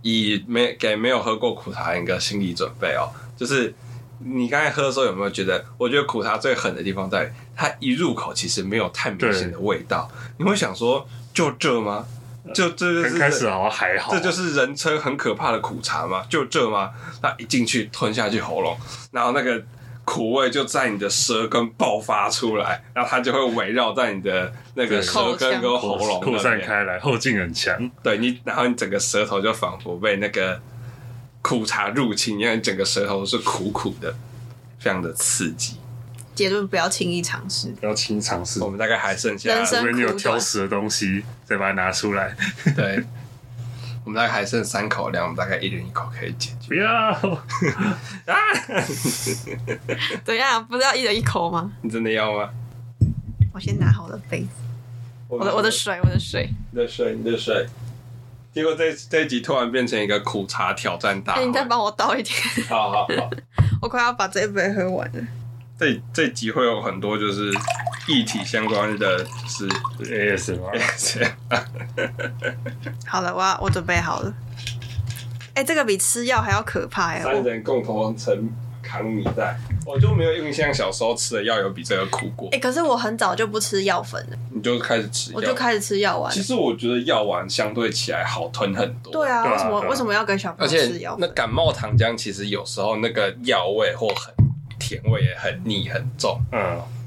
以沒給沒有喝過苦茶的一個心理準備哦，就是你剛才喝的時候有沒有覺得？我覺得苦茶最狠的地方在它一入口其實沒有太明顯的味道，你會想說就這嗎？就這，就是這開始哦，還好啊。這就是人稱很可怕的苦茶嘛，就這嘛。那一進去吞下去喉嚨，然後那個苦味就在你的舌根爆發出來，然後它就會圍繞在你的那個舌根跟喉嚨擴散開來，後勁很強。對你，然後你整個舌頭就仿佛被那個苦茶入侵，因為整個舌頭是苦苦的，非常的刺激。結論，不要輕易嘗試，不要輕易嘗試。我們大概還剩下，因為你有挑食的東西。得把它拿出來， (laughs) 對，我們大概還剩三口量，我們大概一人一口可以解決。不要 (laughs) 啊！怎 (laughs) 樣、啊？不是要一人一口嗎？你真的要嗎？我先拿好我的杯子，我的我的水，我的水，你的水，你的水。結果這這集突然變成一個苦茶挑戰大、欸，你再幫我倒一點。 (laughs) 好好好，我快要把這一杯喝完了。這這集會有很多就是議題相關的、就是，是 ASMR 嗎？ (laughs) 好了，我要我準備好了。哎，這個比吃藥還要可怕呀、欸！三人共同成扛米袋，我就沒有印象小時候吃的藥有比這個苦過。哎，可是我很早就不吃藥粉了，你就開始吃，我就開始吃藥丸。其實我覺得藥丸相對起來好吞很多。對啊，對為什麼、啊、為什麼要跟小朋友吃藥？那感冒糖漿其實有時候那個藥味或很。甜味也很膩，很重。嗯，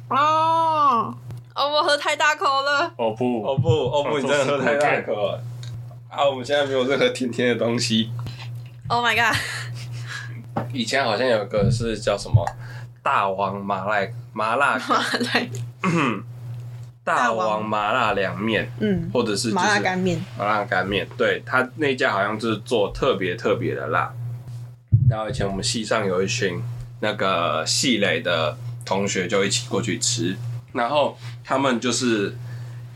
哦，我喝太大口了。哦不，哦不，哦不，你真的喝太大口了，哦、啊！我們現在沒有任何甜甜的東西。Oh、哦、my god！以前好像有個是叫什麼大王麻辣麻辣麻辣 (coughs) 大王麻辣涼麵，嗯，或者是，是麻辣乾麵，嗯，麻辣乾麵。對他那家好像就是做特別特別的辣。然後以前我們系上有一群。那個系壘的同學就一起過去吃，然後他們就是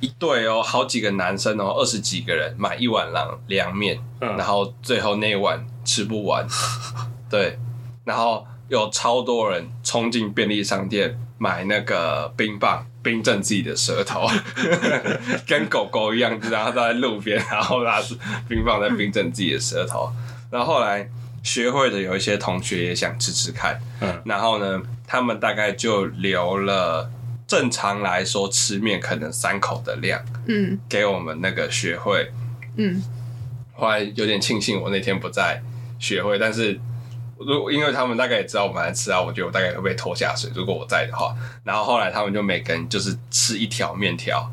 一隊哦，好幾個男生哦，二十幾個人買一碗涼涼麵，然後最後那一碗吃不完，嗯，對，然後有超多人衝進便利商店買那個冰棒，冰鎮自己的舌頭， (laughs) (laughs) 跟狗狗一樣，然後在路邊，然後拿出冰棒在冰鎮自己的舌頭，然後後來。學會的有一些同學也想吃吃看，嗯，然後呢，他們大概就留了正常來說吃麵可能三口的量，嗯，給我們那個學會，嗯，後來有點慶幸我那天不在學會，但是如因為他們大概也知道我們來吃啊，我覺得我大概會被拖下水。如果我在的話，然後後來他們就每個人就是吃一條麵條，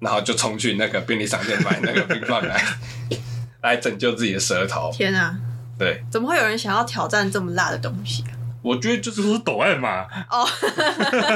然後就衝去那個便利商店買那個冰棒來， (laughs) 來拯救自己的舌頭。天啊！對，怎麼會有人想要挑戰這麼辣的東西啊？我覺得就是說抖 M 嘛。哦、oh,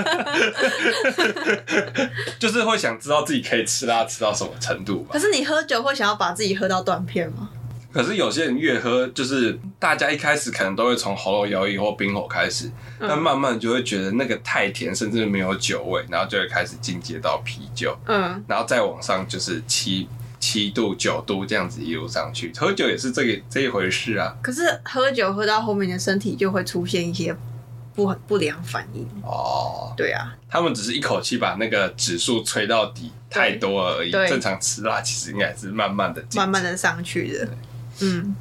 (laughs) (laughs) 就是會想知道自己可以吃辣吃到什麼程度吧。可是你喝酒會想要把自己喝到斷片嗎？可是有些人越喝，就是大家一開始可能都會從喉嚨搖曳或冰火開始，嗯，但慢慢就會覺得那個太甜，甚至沒有酒味，然後就會開始進階到啤酒。嗯，然後再往上就是七。七度九度這樣子一路上去，喝酒也是這個這一回事啊。可是喝酒喝到後面的身體就會出現一些不很不良反應哦。對啊，他們只是一口氣把那個指數吹到底太多而已。正常吃辣、啊、其實應該是慢慢的、慢慢的上去的。嗯，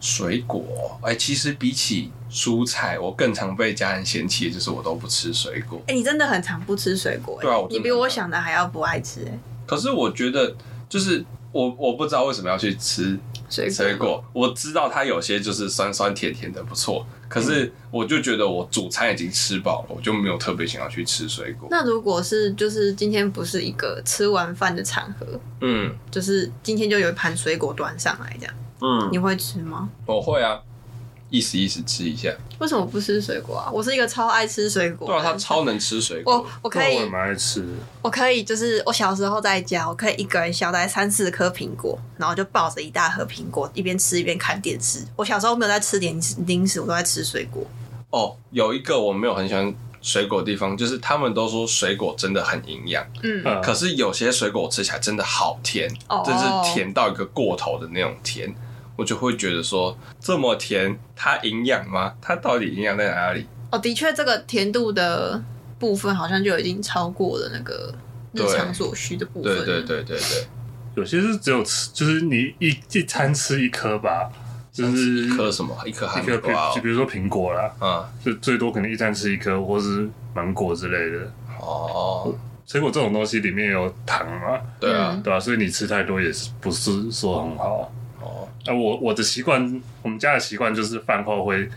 水果哎、欸，其實比起蔬菜，我更常被家人嫌棄的就是我都不吃水果。哎、欸，你真的很常不吃水果哎、欸。對啊，你比我想的還要不愛吃哎、欸。可是我覺得就是。我我不知道為什麼要去吃水果，水果，我知道它有些就是酸酸甜甜的不錯，可是我就覺得我主餐已經吃飽了，我就沒有特別想要去吃水果。那如果是就是今天不是一個吃完飯的場合，嗯，就是今天就有一盤水果端上來這樣，嗯，你會吃嗎？我會啊。一時一時吃一下，為什麼不吃水果啊？我是一個超愛吃水果。對、啊、他超能吃水果。我我可以蠻愛吃。我可以就是我小時候在家，我可以一個人削帶三四顆蘋果，然後就抱着一大盒蘋果一邊吃一邊看電視。我小時候沒有在吃點零食，零食我都在吃水果。哦、oh，有一個我沒有很喜歡水果的地方，就是他們都說水果真的很營養，嗯，可是有些水果吃起來真的好甜，oh. 就是甜到一個過頭的那種甜。我就會覺得說，這麼甜，它營養嗎？它到底營養在哪裡？哦，的確，這個甜度的部分好像就已經超過了那個日常所需的部分。對，對對對對對，有些是只有吃，就是你一一餐吃一顆吧，就是一顆什麼，一顆，一顆，就比如說蘋果啦，啊、哦、就最多可能一餐吃一顆，或是芒果之類的。哦，水果這種東西裡面有糖嘛？對啊，嗯、對啊。所以你吃太多也不是說很好。啊、呃，我我的習慣，我們家的習慣就是飯後會，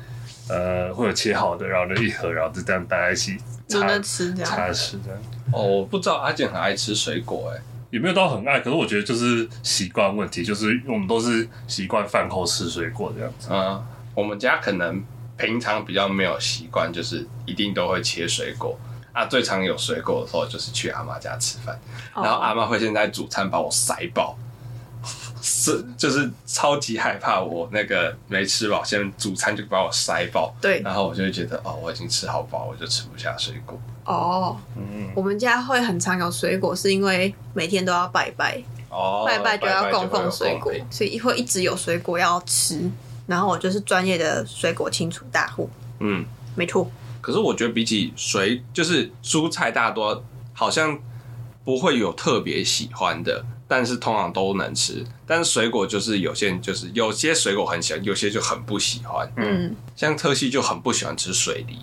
呃，會有切好的，然後就一盒，然後就這樣擺一起，真的吃這樣，真的吃這樣、嗯。哦，我不知道阿健很愛吃水果、欸，哎，也沒有到很愛，可是我覺得就是習慣問題，就是我們都是習慣飯後吃水果這樣子。嗯，我們家可能平常比較沒有習慣，就是一定都會切水果。啊，最常有水果的時候就是去阿媽家吃飯、哦，然後阿媽會先在主餐把我塞爆。是，就是超級害怕我那個沒吃飽，先主餐就把我塞爆。對，然後我就會覺得哦，我已經吃好飽，我就吃不下水果。哦，oh，嗯，我們家會很常有水果，是因為每天都要拜拜，哦，oh，拜拜就要供供水果，所以會一直有水果要吃。然後我就是專業的水果清除大戶。嗯，沒錯。可是我覺得比起水，就是蔬菜大多好像不會有特別喜歡的。但是通常都能吃，但是水果就是有些人就是有些水果很喜歡，有些就很不喜歡。嗯，像特西就很不喜歡吃水梨。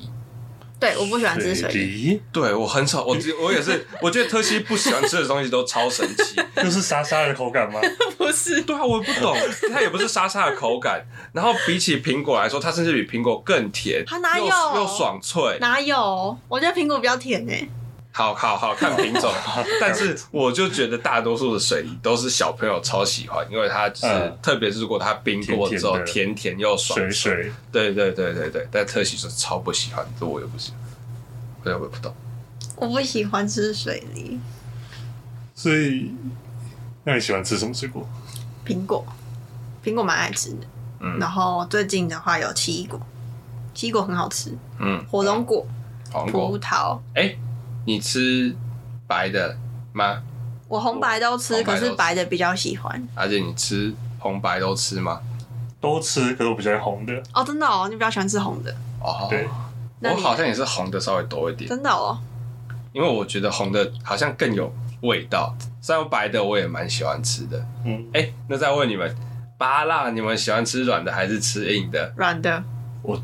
對，我不喜歡吃水梨。水梨？對，我很少，我我也是，我覺得特西不喜歡吃的東西都超神奇。 (laughs) 就是沙沙的口感嗎？ (laughs) 不是。對啊，我也不懂。它也不是沙沙的口感。然後比起蘋果來說，它甚至比蘋果更甜。它哪有？又，又爽脆？哪有？我覺得蘋果比較甜哎、欸。好好好，看品種， (laughs) 但是我就覺得大多數的水梨都是小朋友超喜歡，因為它，就是，嗯、特別是如果它冰過之後，甜甜又爽水。水水。對對對對對，但特許說超不喜歡，這我也不喜歡，我也不懂。我不喜歡吃水梨，所以，那你喜歡吃什麼水果？蘋果，蘋果蠻愛吃的。嗯，然後最近的話有奇異果，奇異果很好吃。嗯，火龍果、啊、葡萄，哎。欸你吃白的嗎？我紅白,紅白都吃，可是白的比較喜歡。而且你吃紅白都吃嗎？都吃，可是我比較喜歡紅的。哦，真的哦，你比較喜歡吃紅的。哦，對，我好像也是紅的稍微多一點。真的哦，因為我覺得紅的好像更有味道，雖然白的我也蠻喜歡吃的。嗯，哎、欸，那再問你們，芭樂你們喜歡吃軟的還是吃硬的？軟的。我。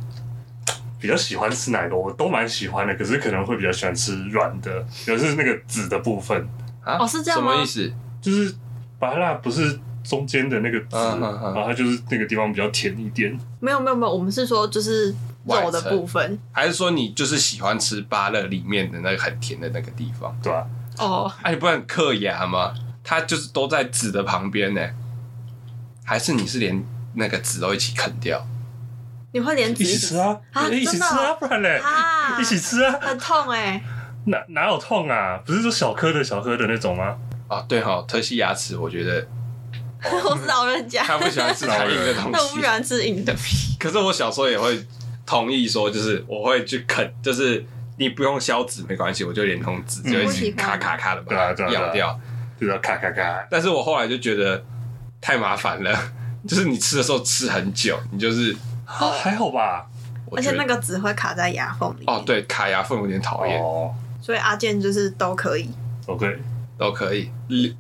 比較喜歡吃哪個？我都蠻喜歡的，可是可能會比較喜歡吃軟的，就是那個籽的部分啊。哦，是這樣什麼意思？就是芭樂不是中間的那個籽，啊啊啊，然後它就是那個地方比較甜一點。沒有沒有沒有，我們是說就是肉的部分，還是說你就是喜歡吃芭樂裡面的那個很甜的那個地方？對哦，啊，哎，oh. 啊，不然嗑牙嗎？它就是都在籽的旁邊呢，欸，還是你是連那個籽都一起啃掉？你會連籽一,一起吃啊、欸？一起吃啊，不然咧、啊，一起吃啊，很痛哎、欸！哪哪有痛啊？不是說小顆的小顆的那種嗎？啊、對哈、哦，特細牙齒，我覺得 (laughs) 我是老人家，他不喜歡吃太硬的東西，但我不喜歡吃 (laughs) 硬的皮。可是我小時候也會同意說，就是我會去啃，就是你不用削籽沒關係，我就連同籽、嗯、就已經咔咔咔的，嘛的對、啊對啊，對啊，咬掉，就是咔咔咔。但是我後來就覺得太麻煩了， (laughs) 就是你吃的時候吃很久，你就是。啊、哦，還好吧。而且那個只會卡在牙縫裡。哦，對，卡牙縫有點討厭。哦，所以阿健就是都可以。OK，都可以。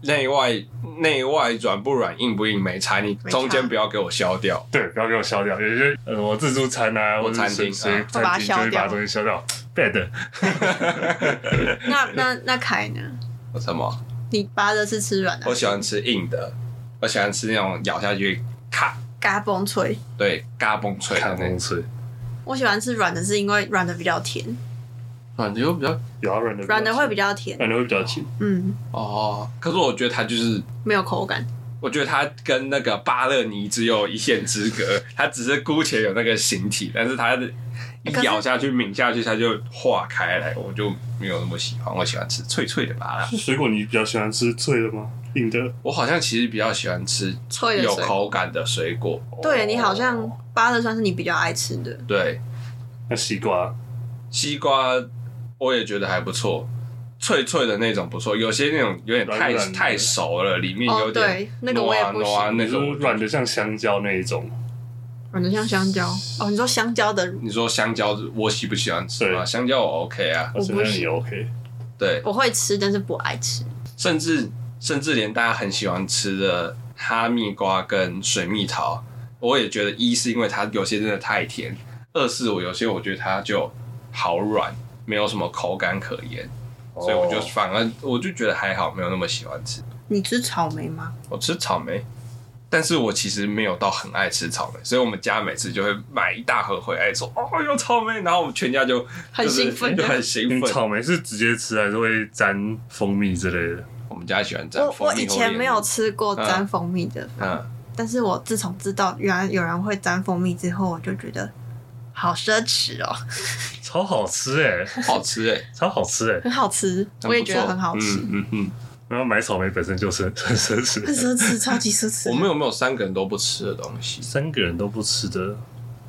內外內外軟不軟，硬不硬，沒差。你中間不要給我消掉。對，不要給我消掉。有些呃，我自助餐啊，我餐廳或餐廳啊，我、啊把，啊、把它消掉，把東西消掉。Bad。那那那凱呢？什麼？你拔的是吃軟的？我喜歡吃硬的。我喜歡吃那種咬下去咔。卡嘎嘣脆，對，嘎嘣脆，我喜歡吃軟的，是因為軟的比較甜。軟的比較，有啊，軟的軟的會比較甜，軟的會比較甜。嗯，哦，可是我覺得它就是沒有口感。我覺得它跟那個芭樂泥只有一線之隔， (laughs) 它只是姑且有那個形體，但是它的。一咬下去，抿下去，它就化開來，我就沒有那麼喜歡。我喜歡吃脆脆的芭樂，是水果。你比較喜歡吃脆的嗎？硬的？我好像其實比較喜歡吃脆的、有口感的水果。水果，對，你好像芭樂算是你比較愛吃的。Oh, 對，那西瓜，西瓜我也覺得還不錯，脆脆的那種不錯。有些那種有點太軟軟太熟了，裡面有點軟軟那種、個，軟的像香蕉那一種。反正像香蕉哦，oh, 你說香蕉的，你說香蕉，我喜不喜歡吃啊？香蕉我 OK 啊，雖然你 OK，對，我會吃，但是不愛吃。甚至甚至連大家很喜歡吃的哈密瓜跟水蜜桃，我也覺得一是因為它有些真的太甜，二是我有些我覺得它就好軟，沒有什麼口感可言，oh. 所以我就反而我就覺得還好，沒有那麼喜歡吃。你吃草莓嗎？我吃草莓。但是我其實沒有到很愛吃草莓，所以我們家每次就會買一大盒回來說：“哦，有草莓！”然後我們全家就很興奮，就很興奮。草莓是直接吃還是會沾蜂蜜之類的？我們家喜歡沾蜂蜜。我我以前沒有吃過沾蜂蜜的蜂，嗯、啊，但是我自從知道原來有人會沾蜂蜜之後，我就覺得好奢侈哦，超好吃哎、欸， (laughs) 好吃哎、欸，超好吃哎、欸，很好吃，我也覺得很好吃，嗯嗯。嗯然後買草莓本身就是很奢侈，很奢侈，超級奢侈。我們有沒有三個人都不吃的東西？三個人都不吃的，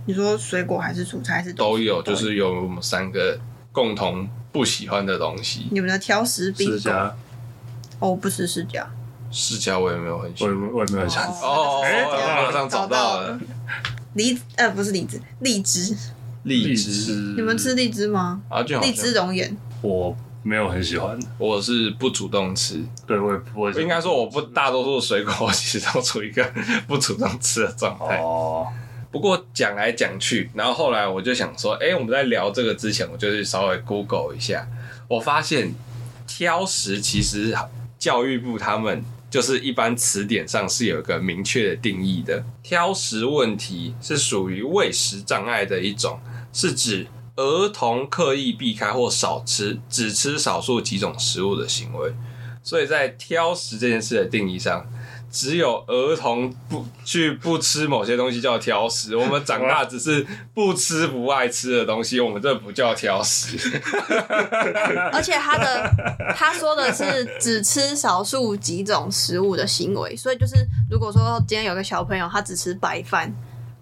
你說水果還是蔬菜還是都有？就是有我們三個共同不喜歡的東西。你們的挑食賓果。釋迦、哦，我不吃釋迦。釋迦我也沒有很喜歡，我也我也沒有想吃哦。哦哦，哦，哦，哦，馬上找到了。李呃、 (laughs) 啊，不是李子，荔枝。荔枝。你們吃荔枝嗎？啊，就荔枝龍眼。我。沒有很喜歡的、嗯，我是不主動吃。對，我也不會，我應該說我不大多數水果，我其實都處於一個不主動吃的狀態。哦，不過講來講去，然後後來我就想說，哎、欸，我們在聊這個之前，我就去稍微 Google 一下，我發現挑食其實教育部他們就是一般詞典上是有一個明確的定義的，挑食問題是屬於餵食障礙的一種，是指。兒童刻意避開或少吃，只吃少數幾種食物的行為，所以在挑食這件事的定義上，只有兒童不去不吃某些東西叫挑食。我們長大只是不吃不愛吃的東西， (laughs) 我們這不叫挑食。而且他的他說的是只吃少數幾種食物的行為，所以就是如果說今天有個小朋友他只吃白飯，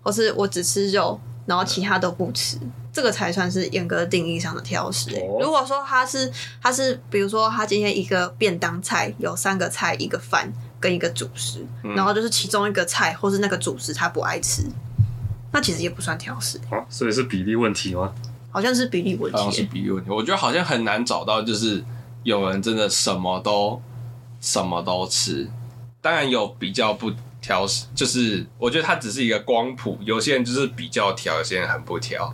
或是我只吃肉，然後其他都不吃。這個才算是嚴格定義上的挑食、欸。哎，如果說他是他是，比如說他今天一個便當菜有三個菜，一個飯跟一個主食、嗯，然後就是其中一個菜或是那個主食他不愛吃，那其實也不算挑食。啊，所以是比例問題嗎？好像是比例問題、欸，是比例問題。我覺得好像很難找到，就是有人真的什麼都什麼都吃。當然有比較不挑食，就是我覺得它只是一個光譜。有些人就是比較挑，有些人很不挑。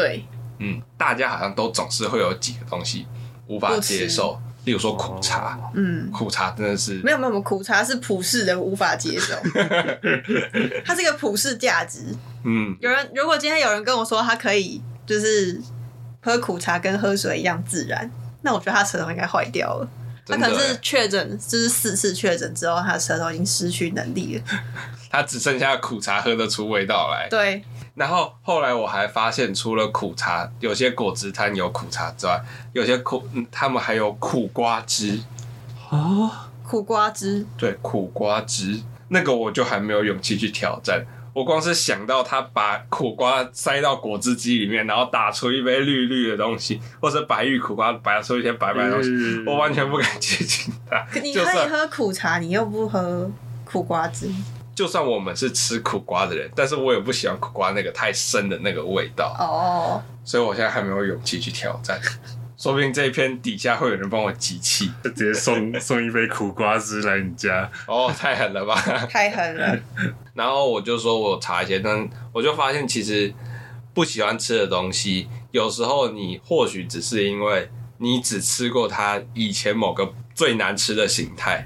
對，嗯，大家好像都總是會有幾個東西無法接受，例如說苦茶，嗯、哦，苦茶真的是、嗯、沒有沒有，苦茶是普世人無法接受， (laughs) (laughs) 它是一個普世價值。嗯，有人如果今天有人跟我說他可以就是喝苦茶跟喝水一樣自然，那我覺得他舌頭應該壞掉了。那可能是確診，就是四次確診之後，他的舌頭已經失去能力了，他 (laughs) 只剩下苦茶喝得出味道來。對。然後後來我還發現，除了苦茶，有些果汁攤有苦茶之外，有些苦，嗯，他們還有苦瓜汁。哦，苦瓜汁，對，苦瓜汁，那個我就還沒有勇氣去挑戰。我光是想到他把苦瓜塞到果汁機裡面，然後打出一杯綠綠的東西，或者白玉苦瓜打出一些白白的東西，嗯，我完全不敢接近他。你可以喝苦茶，你又不喝苦瓜汁。就算我們是吃苦瓜的人，但是我也不喜歡苦瓜那個太深的那個味道哦，oh. 所以我現在還沒有勇氣去挑戰。說不定這一篇底下會有人幫我集氣，直接送 (laughs) 送一杯苦瓜汁來你家哦，oh, 太狠了吧， (laughs) 太狠了。 (laughs) 然後我就說我查一些，但我就發現其實不喜歡吃的東西，有時候你或許只是因為你只吃過它以前某個最難吃的形態。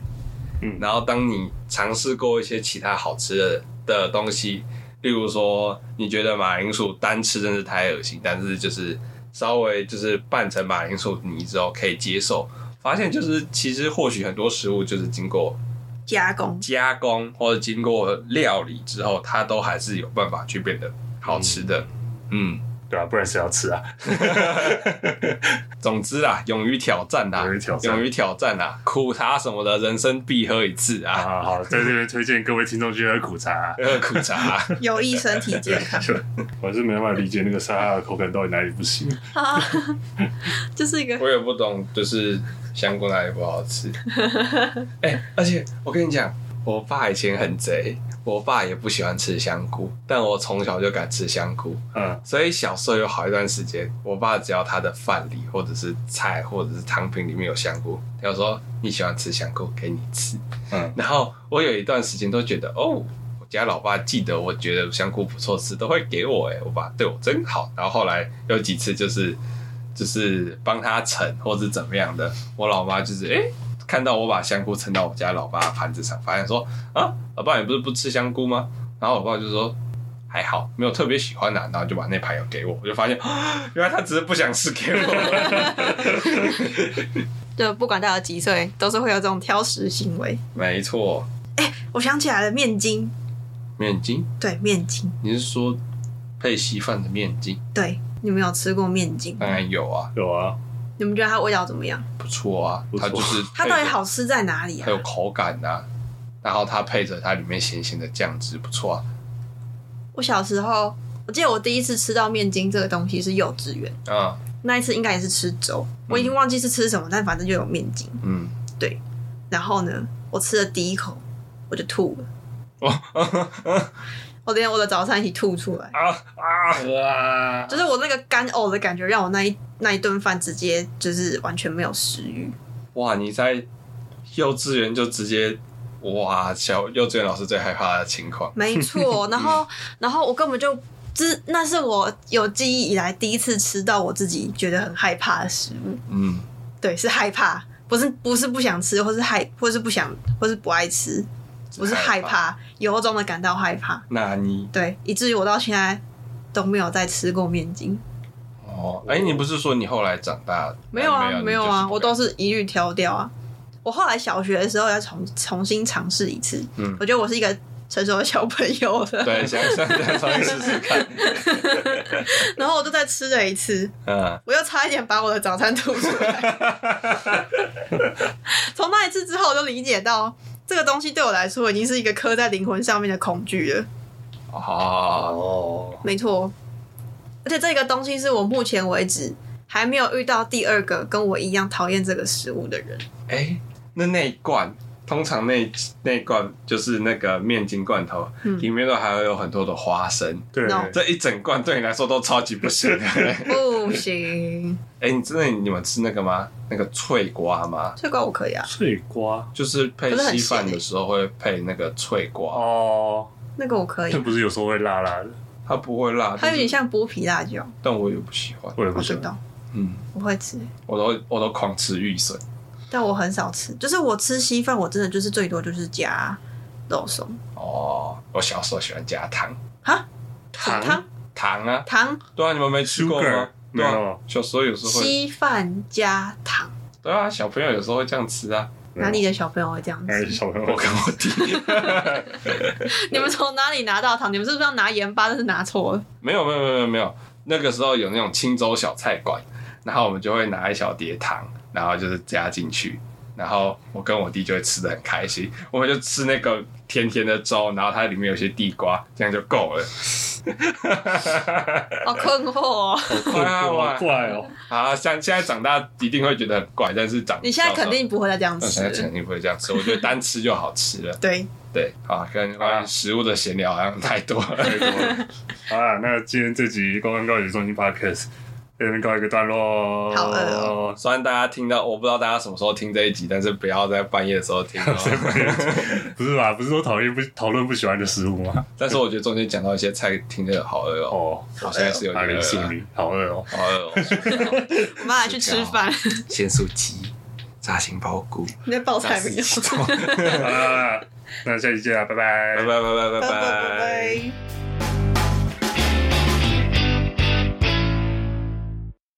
然後，當你嘗試過一些其他好吃的的東西，例如說，你覺得馬鈴薯單吃真是太噁心，但是就是稍微就是拌成馬鈴薯泥之後可以接受，發現就是其實或許很多食物就是經過加工、加工或者經過料理之後，它都還是有辦法去變得好吃的，嗯。嗯不然誰要吃啊？ (laughs) 總之啊，勇於挑，挑，挑戰啊！勇於挑戰，勇於挑戰吶！苦茶什麼的，人生必喝一次啊！好，好，好，在這邊推薦各位聽眾去喝苦茶、啊，喝苦茶、啊、 (laughs) 有益身體健康。我還是沒辦法理解那個沙拉的口感到底哪裡不行啊，就是一個 (laughs) 我也不懂，就是香菇哪裡不好吃？哎、欸，而且我跟你講，我爸以前很賊。我爸也不喜歡吃香菇，但我從小就敢吃香菇。嗯，所以小時候有好一段時間，我爸只要他的飯裡或者是菜或者是湯品裡面有香菇，他就說，你喜歡吃香菇，給你吃。嗯，然後我有一段時間都覺得，哦，我家老爸記得，我覺得香菇不錯吃，都會給我、欸。誒，我爸對我真好。然後後來有幾次就是就是幫他盛或者怎麼樣的，我老媽就是誒、欸看到我把香菇盛到我家老爸盤子上，發現說：“啊，老爸你不是不吃香菇嗎？”然後我爸就說：“還好，沒有特別喜歡的、啊。”然後就把那盤給我，我就發現、啊、原來他只是不想吃給我。 (laughs) 就不管他有幾歲，都是會有這種挑食行為。沒錯。哎、欸，我想起來了，麵筋。麵筋。對，麵筋。你是說配稀飯的麵筋？對。你沒有吃過麵筋？當然有啊，有啊。你們覺得它味道怎麼樣？不錯啊，它就是呵呵它到底好吃在哪裡啊？它有口感啊，然後它配着它裡面鹹鹹的醬汁，不錯啊。我小時候，我記得我第一次吃到麵筋這個東西是幼稚園啊、嗯，那一次應該也是吃粥，我已經忘記是吃什麼，嗯、但反正就有麵筋。嗯，對。然後呢，我吃了第一口，我就吐了。哦啊啊我連我的早餐一起吐出來啊啊！就是我那個乾嘔、哦、的感覺，讓我那一那一頓飯直接就是完全沒有食欲。哇！你在幼稚園就直接哇，小幼稚園老師最害怕的情況。沒錯，然後然後我根本就，這、 (laughs) 就是、那是我有記憶以來第一次吃到我自己覺得很害怕的食物。嗯，對，是害怕，不是不是不想吃，或是害或是不想或是不愛吃。我是害怕，由衷的感到害怕。那你對，以至於我到現在都沒有再吃過麵筋。哦，哎、欸，你不是說你後來長大？沒有啊，啊沒有啊，我都是一律挑掉啊。我後來小學的時候，要重重新嘗試一次。嗯，我覺得我是一個成熟的小朋友了。對，想想再嘗試試看。 (laughs) 然後我就再吃了一次。嗯，我又差一點把我的早餐吐出來。從 (laughs) 那一次之後，我就理解到。這個東西對我來說已經是一個刻在靈魂上面的恐懼了。哦，沒錯，而且這個東西是我目前為止還沒有遇到第二個跟我一樣討厭這個食物的人。欸。哎，那那一罐。通常那那罐，就是那個麵筋罐頭，嗯，裡面都還會有很多的花生。對，這一整罐對你來說都超級不行。欸。 (laughs) 不行。哎、欸，你真的你們吃那個嗎？那個脆瓜嗎？脆瓜我可以啊。脆瓜就是配稀飯的時候會配那個脆瓜。欸、辣辣哦，那個我可以。啊，它不是有時候會辣辣的，它不會辣。它有點像剝皮辣椒，但我也不喜歡。我也不喜歡。我不，嗯，我會吃。我都我都狂吃欲死。但我很少吃，就是我吃稀飯，我真的就是最多就是加肉鬆。哦，我小時候喜歡加糖哈，糖糖啊糖。對啊，你們沒吃過嗎？對啊，沒有小時候有時候稀飯加糖。對啊，小朋友有時候會這樣吃啊。嗯、哪裡的小朋友會這樣吃？小朋友我跟我弟。 (laughs) (laughs) (laughs) 你們從哪裡拿到糖？你們是不是要拿鹽巴？但是拿錯了。沒有沒有沒有沒有，那個時候有那種青州小菜館，然後我們就會拿一小碟糖。然後就是加進去，然後我跟我弟就會吃得很開心，我們就吃那個甜甜的粥，然後它裡面有些地瓜，這樣就夠了。 (laughs) 好困惑哦，好，困惑哦，啊啊，好怪哦，啊，像現在長大一定會覺得很怪，但是長你現在肯定不會再這樣吃，嗯，現在肯定不會這樣吃， (laughs) 我覺得單吃就好吃了。對對，好，跟，啊啊，食物的閒聊好像太多，太多了。 (laughs) (laughs) 好了那個、今天這集《光棍告解中心》Podcast 給你告一個段落，好餓哦、喔！雖然大家聽到，我不知道大家什麼時候聽這一集，但是不要在半夜的時候聽。 (laughs) 不是吧？不是說討厭不討論不喜歡的食物嗎？ (laughs) 但是我覺得中間講到一些菜，聽着好餓哦。我、哦、現在是有點心理好餓哦，好餓哦、喔喔喔 (laughs) 我們來去吃飯，鹹 (laughs) 酥雞、炸杏鮑菇。你在報菜名？ (laughs) 好了好， (laughs) 那下期見啦，拜拜，拜拜拜拜拜拜拜。